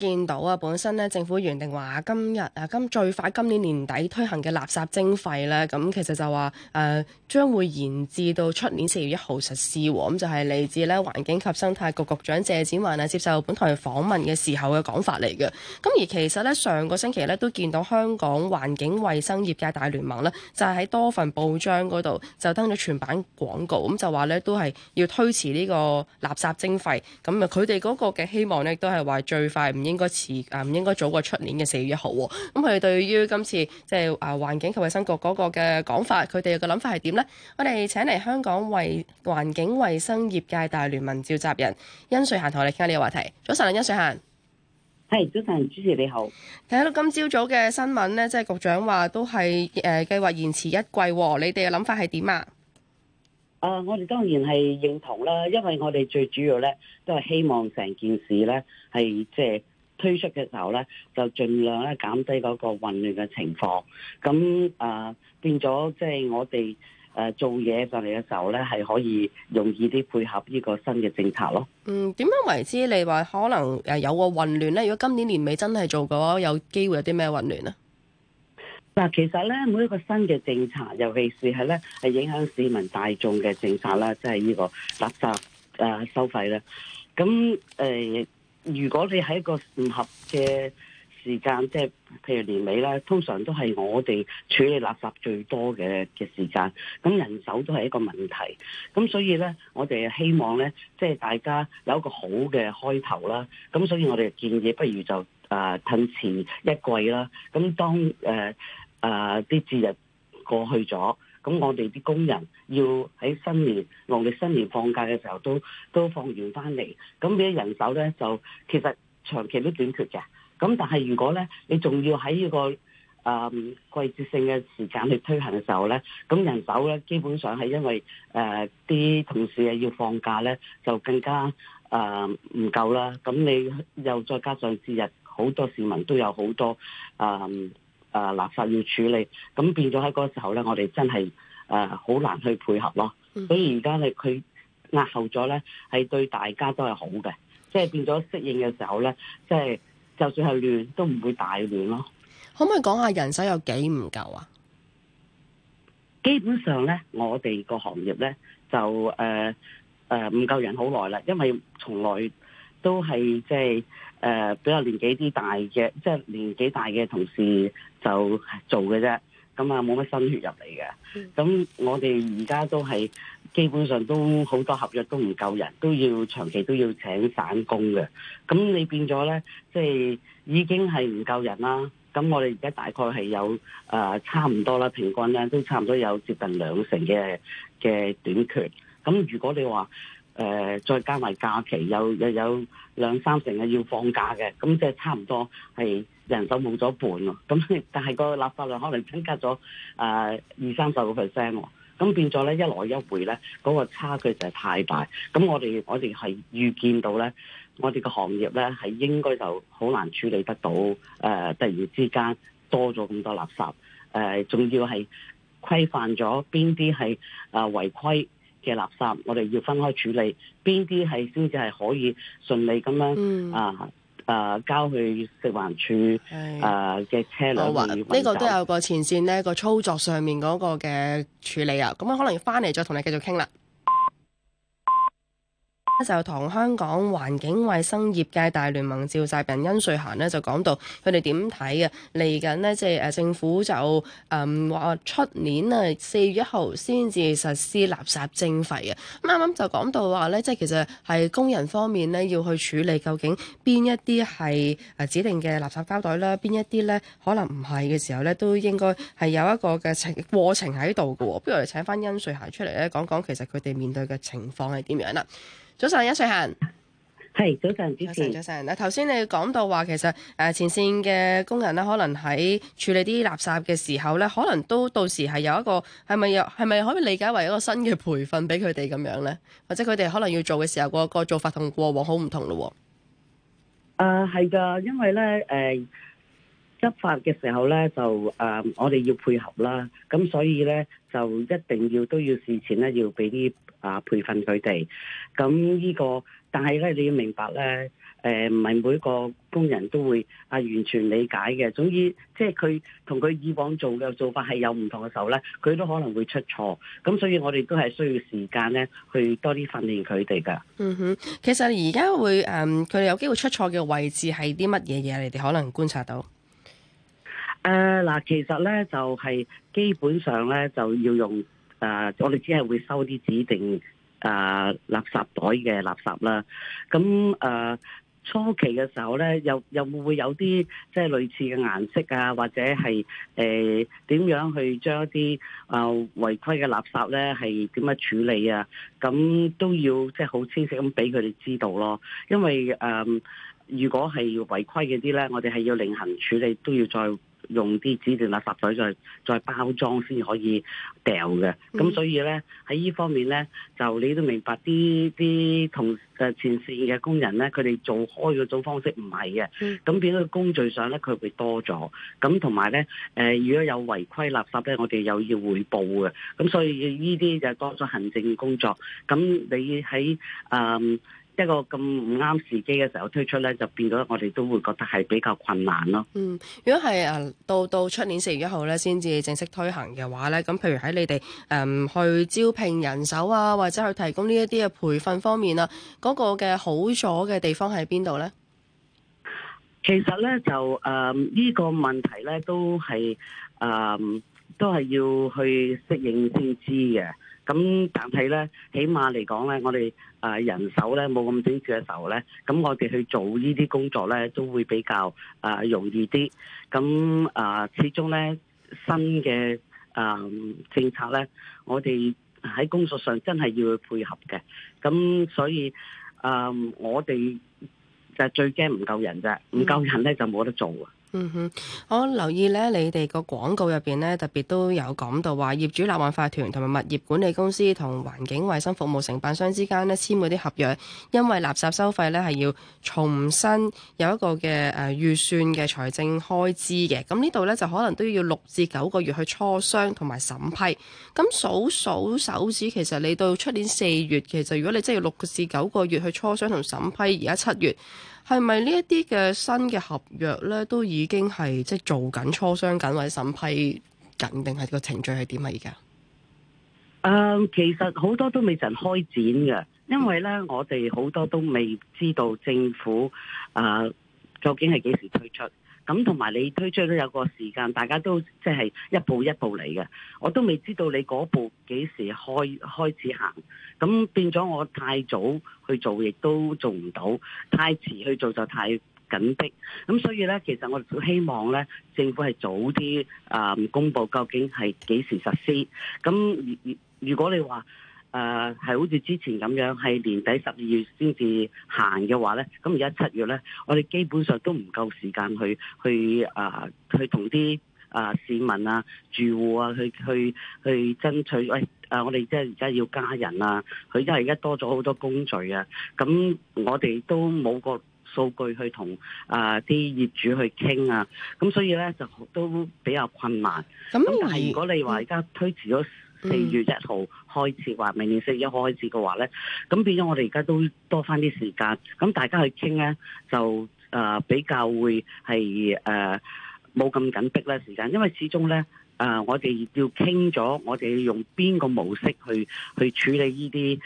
見到啊，本身咧，政府原定話今日啊，今啊最快今年年底推行嘅垃圾徵費咧，咁其實就話誒，將、呃、會延至到出年四月一號實施、啊。咁、嗯、就係、是、嚟自咧環境及生態局局長謝展寰啊，接受本台訪問嘅時候嘅講法嚟嘅。咁、嗯、而其實咧，上個星期咧都見到香港環境衛生業界大聯盟咧，就喺、是、多份報章嗰度就登咗全版廣告，咁、嗯、就話咧都係要推遲呢個垃圾徵費。咁、嗯、啊，佢哋嗰個嘅希望咧，都係話最快唔。應該遲啊，唔應該早過出年嘅四月一號。咁佢哋對於今次即係啊，環境及衛生局嗰個嘅講法，佢哋嘅諗法係點咧？我哋請嚟香港衛環境衛生業界大聯盟召集人甄瑞嫻同我哋傾下呢個話題。早晨啊，甄瑞嫻，係早晨，主持人你好。睇到今朝早嘅新聞咧，即係局長話都係誒計劃延遲一季。你哋嘅諗法係點啊？誒，我哋當然係認同啦，因為我哋最主要咧都係希望成件事咧係即係。推出嘅時候咧，就盡量咧減低嗰個混亂嘅情況。咁誒、呃、變咗，即係我哋誒做嘢上嚟嘅時候咧，係可以容易啲配合呢個新嘅政策咯。嗯，點樣為之？你話可能誒有個混亂咧？如果今年年尾真係做嘅話，有機會有啲咩混亂咧？嗱，其實咧，每一個新嘅政策，尤其是係咧係影響市民大眾嘅政策啦，即係呢個垃圾誒收費咧。咁誒。呃如果你喺一個唔合嘅時間，即係譬如年尾啦，通常都係我哋處理垃圾最多嘅嘅時間，咁人手都係一個問題。咁所以咧，我哋希望咧，即係大家有一個好嘅開頭啦。咁所以我哋建議，不如就啊，褪遲一季啦。咁當誒啊啲節日過去咗。咁我哋啲工人要喺新年、農曆新年放假嘅時候都都放完翻嚟，咁你人手咧就其實長期都短缺嘅。咁但係如果咧，你仲要喺呢個誒季節性嘅時間去推行嘅時候咧，咁人手咧基本上係因為誒啲同事啊要放假咧，就更加誒唔夠啦。咁你又再加上節日，好多市民都有好多誒。啊！垃圾要處理，咁變咗喺嗰時候咧，我哋真係誒好難去配合咯。所以而家咧，佢壓後咗咧，係對大家都係好嘅，即係變咗適應嘅時候咧，即係就算係亂都唔會大亂咯。可唔可以講下人手有幾唔夠啊？基本上咧，我哋個行業咧就誒誒唔夠人好耐啦，因為從來。都係即係誒比較年紀啲大嘅，即係年紀大嘅同事就做嘅啫。咁啊，冇乜新血入嚟嘅。咁、嗯、我哋而家都係基本上都好多合約都唔夠人，都要長期都要請散工嘅。咁你變咗咧，即係已經係唔夠人啦。咁我哋而家大概係有誒、呃、差唔多啦，平均咧都差唔多有接近兩成嘅嘅短缺。咁如果你話，誒、呃，再加埋假期，又又有，有兩三成嘅要放假嘅，咁即係差唔多係人手冇咗半咯。咁但係個垃圾量可能增加咗誒、呃、二三十個 percent 喎，咁變咗咧一來一回咧，嗰、那個差距就係太大。咁我哋我哋係預見到咧，我哋嘅行業咧係應該就好難處理得到誒、呃，突然之間多咗咁多垃圾，誒、呃、仲要係規範咗邊啲係啊違規。嘅垃圾，我哋要分開處理，邊啲係先至係可以順利咁樣、嗯、啊啊交去食環處的啊嘅車輛去。我呢、哦這個都有個前線呢個操作上面嗰個嘅處理啊，咁樣可能要翻嚟再同你繼續傾啦。就同香港環境衛生業界大聯盟召集人甄瑞嫻呢，就講到他們怎麼看，佢哋點睇啊？嚟緊呢，即係誒，政府就誒話出年啊四月一號先至實施垃圾徵費啊！咁啱啱就講到話呢，即、就、係、是、其實係工人方面呢，要去處理，究竟邊一啲係誒指定嘅垃圾膠袋啦，邊一啲呢可能唔係嘅時候呢，都應該係有一個嘅程過程喺度嘅。不如我哋請翻甄瑞嫻出嚟咧，講講其實佢哋面對嘅情況係點樣啦？早晨，甄瑞嫻，係早晨，早晨，早晨。嗱，頭先你講到話，其實誒，前線嘅工人咧，可能喺處理啲垃圾嘅時候咧，可能都到時係有一個係咪又係咪可以理解為一個新嘅培訓俾佢哋咁樣咧？或者佢哋可能要做嘅時候，個個做法同過往好唔同咯？誒、呃，係噶，因為咧，誒、呃。執法嘅時候咧，就、呃、我哋要配合啦。咁所以咧，就一定要都要事前咧，要俾啲啊培訓佢哋。咁呢個，但係咧，你要明白咧，呃、唔係每個工人都會啊完全理解嘅。總之，即係佢同佢以往做嘅做法係有唔同嘅時候咧，佢都可能會出錯。咁所以，我哋都係需要時間咧，去多啲訓練佢哋噶。嗯哼，其實而家會誒，佢哋、嗯、有機會出錯嘅位置係啲乜嘢嘢？你哋可能觀察到。誒，嗱、呃，其實咧就係、是、基本上咧就要用誒、呃，我哋只係會收啲指定誒、呃、垃圾袋嘅垃圾啦。咁誒、呃、初期嘅時候咧，又又會唔會有啲即係類似嘅顏色啊，或者係誒點樣去將一啲誒違規嘅垃圾咧係點樣處理啊？咁都要即係好清晰咁俾佢哋知道咯。因為誒、呃、如果係要違規嘅啲咧，我哋係要另行處理，都要再。用啲指定垃圾袋再再包裝先可以掉嘅，咁、嗯、所以咧喺呢方面咧就你都明白啲啲同前線嘅工人咧，佢哋做開嗰種方式唔係嘅，咁、嗯、變咗工序上咧佢會多咗，咁同埋咧如果有違規垃圾咧，我哋又要匯報嘅，咁所以呢啲就多咗行政工作，咁你喺一個咁唔啱時機嘅時候推出咧，就變咗我哋都會覺得係比較困難咯。嗯，如果係啊，到到出年四月一號咧，先至正式推行嘅話咧，咁譬如喺你哋誒、嗯、去招聘人手啊，或者去提供呢一啲嘅培訓方面啊，嗰、嗰個嘅好處嘅地方喺邊度咧？其實咧，就誒呢、嗯呢個問題咧，都係誒。嗯都係要去適應先知嘅。咁但係咧，起碼嚟講咧，我哋啊人手咧冇咁短缺嘅時候咧，咁我哋去做呢啲工作咧，都會比較啊容易啲。咁啊，始終咧，新嘅啊政策咧，我哋喺工作上真係要去配合嘅。咁所以啊，我哋就最驚唔夠人咋，唔夠人咧就冇得做啊！嗯哼，我留意咧，你哋個廣告入邊咧，特別都有講到話，業主立案法團同埋物業管理公司同環境衛生服務承辦商之間咧簽嗰啲合約，因為垃圾收費咧係要重新有一個嘅誒預算嘅財政開支嘅，咁呢度咧就可能都要六至九個月去磋商同埋審批。咁數數手指，其實你到出年四月，其實如果你真係要六至九個月去磋商同審批，而家七月。係咪呢一啲嘅新嘅合約咧，都已經係即係做緊磋商緊，或者審批緊，定係個程序係點啊？而家誒，其實好多都未曾開展嘅，因為咧，我哋好多都未知道政府啊、呃，究竟係幾時推出。咁同埋你推出都有個時間，大家都即係一步一步嚟嘅。我都未知道你嗰步幾時開，開始行，咁變咗我太早去做，亦都做唔到；太遲去做就太緊迫。咁所以呢，其實我哋都希望呢，政府係早啲公布究竟係幾時實施。咁如如如果你話，誒係、呃、好似之前咁樣，係年底十二月先至行嘅話咧，咁而家七月咧，我哋基本上都唔夠時間去去誒、呃、去同啲誒市民啊、住戶啊去去去爭取。喂、哎，誒、呃、我哋即係而家要加人啊，佢因為而家多咗好多工序啊，咁我哋都冇個數據去同誒啲業主去傾啊，咁所以咧就都比較困難。咁但係如果你話而家推遲咗，四月一號開始，話明年四月一號開始嘅話呢，咁變咗我哋而家都多翻啲時間，咁大家去傾呢，就誒比較會係誒冇咁緊迫啦時間，因為始終呢，誒我哋要傾咗，我哋要用邊個模式去去處理呢啲誒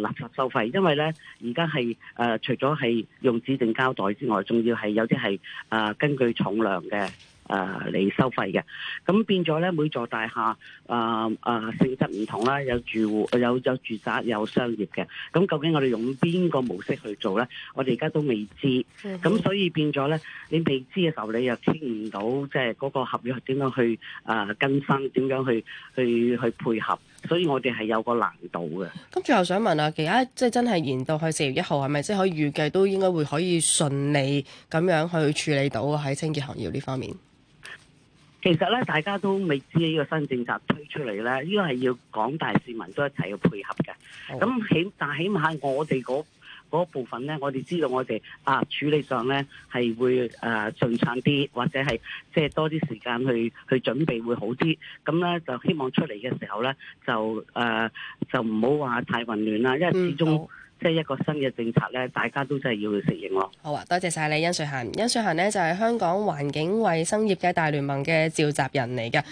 垃圾收費，因為呢，而家係誒除咗係用指定膠袋之外，仲要係有啲係誒根據重量嘅。誒，嚟、呃、收費嘅，咁變咗咧，每座大廈，啊、呃、啊、呃、性質唔同啦，有住戶，有有住宅，有商業嘅，咁究竟我哋用邊個模式去做咧？我哋而家都未知，咁、嗯、哼所以變咗咧，你未知嘅時候，你又傾唔到，即係嗰個合約點樣去，誒、呃、更新，點樣去，去去配合，所以我哋係有個難度嘅。咁最後想問啊，其家即係真係延到去四月一號，係咪即係可以預計都應該會可以順利咁樣去處理到喺清潔行業呢方面？其實咧，大家都未知呢個新政策推出嚟咧，呢個係要廣大市民都一齊要配合嘅。咁、oh. 起但係起碼我哋嗰部分咧，我哋知道我哋啊處理上咧係會誒順暢啲，或者係即係多啲時間去去準備會好啲。咁咧就希望出嚟嘅時候咧就誒、呃、就唔好話太混亂啦，因為始終、mm。Hmm. 即係一個新嘅政策咧，大家都真係要去適應咯。好啊，多謝晒你，甄瑞嫻。甄瑞嫻呢，就係香港環境衞生業界大聯盟嘅召集人嚟嘅。